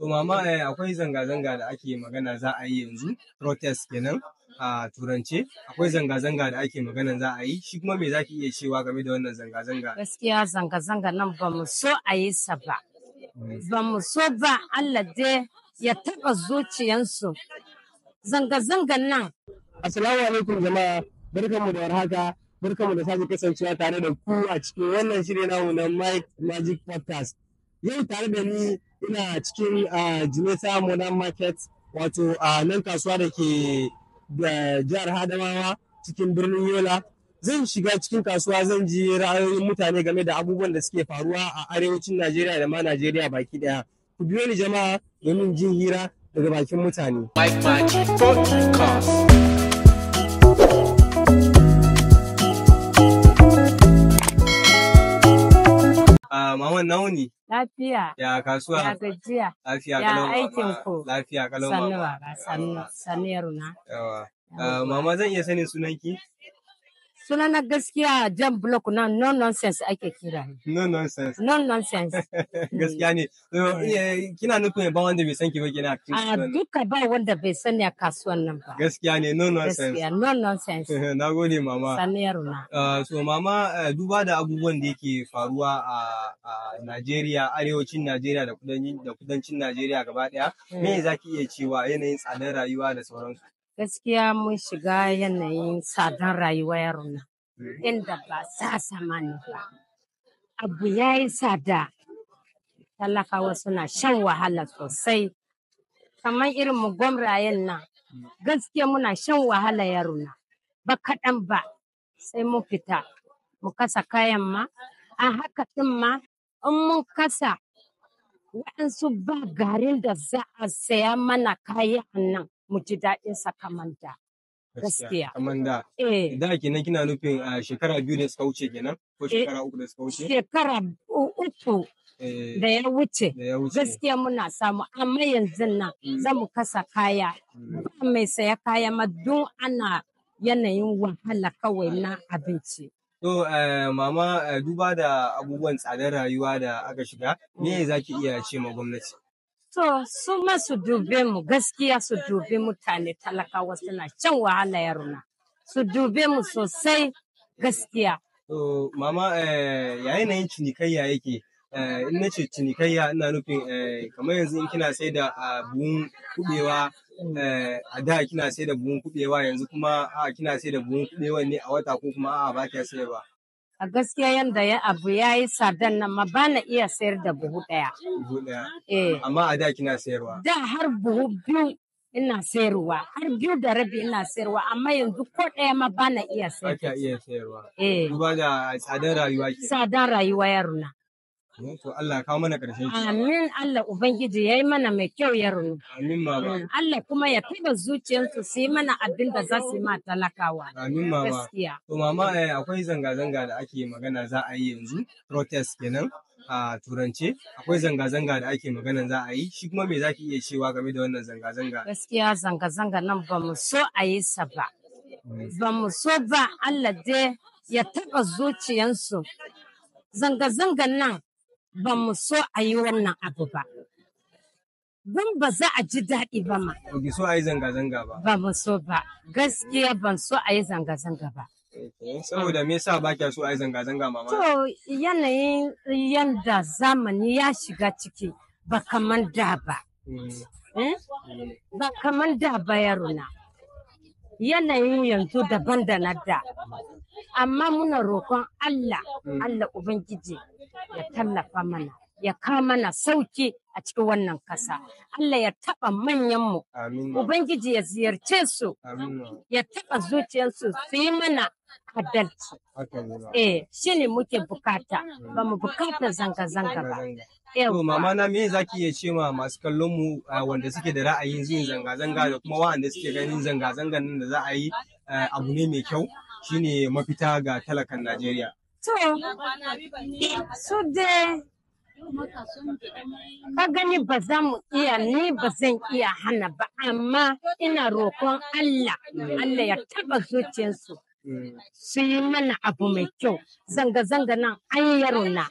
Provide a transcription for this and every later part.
To mama eh, akwai zanga-zanga da ake magana za a yi yanzu protest kenan a turance akwai zanga-zanga da ake magana za a yi shi kuma me ki iya cewa game da wannan zanga-zanga gaskiya zanga-zanga nan ba mu so a yi sa ba ba mu so ba Allah dai ya taɓa zuciyansu zanga zanga nan assalamu alaikum jama'a barkanmu da warhaka barkanmu da sake kasancewa tare da ku a cikin wannan shirin namu na Mike Magic Podcast yau tare da ni ina cikin ah, Jimeta Modern Market wato a ah, nan kasuwa da ke da jihar Hadamawa cikin birnin Yola. Zan shiga cikin kasuwa zan ji ra'ayoyin mutane game da abubuwan da suke faruwa a arewacin Najeriya da ma Najeriya baki daya. Ku biyo ni jama'a domin jin hira daga bakin mutane. Mike nauni. Lafiya. Ya kasuwa. Ya gajiya. Lafiya kalau. Ya aikin ku. Lafiya kalau. Sannu ba sannu sannu yaruna. Yawa. Ah, mama zan iya sanin sunanki? Sunan na gaskiya jan block na no nonsense ake kira. No nonsense. No nonsense. Gaskiya ne. Kina nufin ba wanda bai san ki ba kina A duka ba wanda bai sani a kasuwan nan ba. Gaskiya ne no nonsense. Gaskiya no nonsense. Na gode mama. Sanni yaruna. Ah, so mama eh, duba da abubuwan da yake faruwa a Najeriya arewacin Najeriya da kudancin Najeriya gaba ɗaya me eh. za ki iya cewa yanayin tsadar rayuwa da sauransu gaskiya mun shiga yanayin tsadar rayuwa yarona eh. inda ba sa samani ba abu ya yi tsada talakawa suna shan wahala sosai kamar irin mu gwamrayen nan hmm. gaskiya muna shan wahala yarona ba kaɗan ba sai mu fita mu kasa kayan ma a haka ma in mun kasa waɗansu ba garin da za a saya mana kayan nan mu ji daɗin sakamanta. Gaskiya. Eh. Da kenan kina nufin a ah, shekara biyu da suka wuce kenan ko eh, shekara uku da suka wuce? Shekara uku eh, da ya wuce. Gaskiya muna samu amma yanzu nan mm. za mu kasa kaya. Mm. Ba mai saya kaya ma don ana yanayin wahala kawai na abinci. To eh, mama eh, duba da abubuwan tsadar rayuwa da aka shiga, me mm. za ki iya ce ma gwamnati? To su masu su dube mu gaskiya su dube mutane talakawa suna can wahala ya runa Su dube mu sosai gaskiya. To mama eh, ya yanayin cinikayya yake in na ce cinikayya ina nufin kamar yanzu in kina sai da ah, buhun kubewa Eh, a da kina sai da buhun kuɗewa yanzu kuma a kina sai da buhun kuɗewa ne a wata ko kuma a ba sai ba. A gaskiya yanda ya abu ya yi sadan nan ma ba na iya sayar da buhu ɗaya. Buhu ɗaya? Eh. Amma a da kina sayarwa? Da har buhu biyu ina sayarwa, har biyu da rabi ina sayarwa, amma yanzu ko ɗaya ma ba na iya sayarwa. Ba iya sayarwa. Eh. Duba da tsadar rayuwa ke. Tsadar rayuwa yaruna. To Allah kawo mana ƙarshen shi. Amin Allah Ubangiji ya yi mana mai kyau ya runu. Amin baba. Allah kuma ya taɓa zuciyarsu su yi mana abin da za su yi ma talakawa. Amin baba. Gaskiya. To mama eh, akwai zanga-zanga da ake magana za a yi yanzu protest kenan. a turance akwai zanga-zanga da ake magana za a yi shi kuma me ki iya cewa game da wannan zanga-zanga gaskiya zanga-zanga nan ba mu so a yi sa ba ba mu so ba Allah dai ya taɓa zuciyarsu. zanga zanga nan ba mu so a yi wannan abu ba. Don ba za a ji daɗi ba ma. Ba so a yi zanga-zanga ba. Ba mu so ba. Gaskiya ban so a yi zanga-zanga ba. Eh, saboda me yasa ba kya so a yi zanga-zanga mama? To yanayin yanda zamani ya shiga ciki ba kaman da ba. Mm. Eh? Ba kaman da ba yarona. Yanayin yanzu daban da na da. Amma muna roƙon Allah, mm. Allah Ubangiji. ya tallafa mana ya kama mana sauki a cikin wannan kasa. Allah ya taɓa manyanmu, Ubangiji ya ziyarce su, ya taɓa zuciyarsu su yi mana adalci. Eh, shi ne muke bukata, ba mu bukata zanga-zanga ba. To, mama na me za ki iya ce ma masu kallon mu wanda suke da ra'ayin yin zanga-zanga da kuma wanda suke ganin zanga zanga nan da za a yi eh, abu ne mai kyau shine mafita ga talakan Najeriya. To, su kagani ba za mu iya ni ba zan iya hana ba amma ina roƙon Allah Allah ya taɓa zuciyarsu su yi mana abu mai kyau zanga-zanga nan an yaro na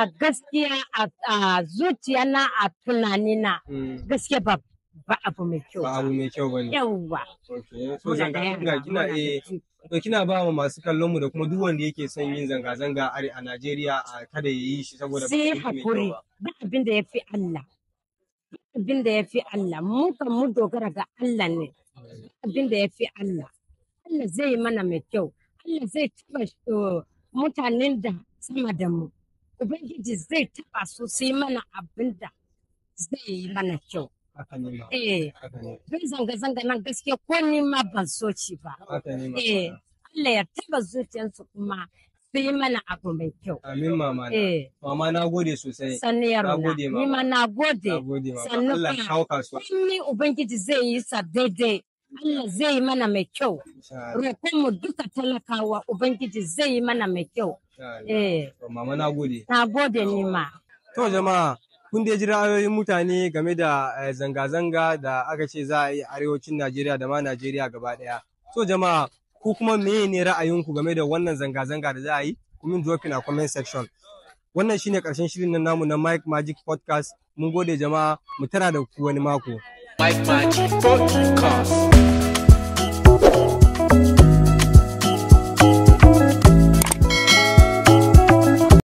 a gaskiya a zuciya na a tunani na mm. gaskiya ba ba abu mai kyau ba abu mai kyau bane yawwa eh, so zanga zanga kina eh to kina ba wa masu kallon mu da kuma duk wanda yake son yin zanga zanga a Najeriya a kada ya yi shi saboda sai hakuri ba abin da yafi Allah abin da yafi Allah mun kan mu dogara ga Allah ne abin da yafi Allah Allah zai yi mana mai kyau Allah zai taba eh, mutanen da sama da mu Ubangiji zai taba su sai mana abin da zai yi mana kyau Eh, bin zanga-zanga nan gaske ko ni ma ban so ci ba. Eh, Allah ya taba zuciyarsu kuma su yi mana abu mai kyau. Amin mama na. Eh. Mama na gode sosai. Sannu yaro na. Ni ma na gode. Sannu Allah ya kawo kasuwa. Ni Ubangiji zai yi sa daidai. Allah zai yi mana mai kyau. Roƙonmu duka talakawa Ubangiji zai yi mana mai kyau. Eh. Mama na gode. Na gode ni ma. To jama'a kun da ji ra'ayoyin mutane game da eh, zanga-zanga da aka ce za a yi arewacin Najeriya da ma Najeriya gaba ɗaya. So jama'a ku kuma meye ne ra'ayinku game da wannan zanga-zanga da za a yi? Kumin dropping a comment section. Wannan shine karshen shirin na namu na Mike Magic Podcast. Mun gode jama'a mu tana da ku wani mako. Mike Magic Podcast.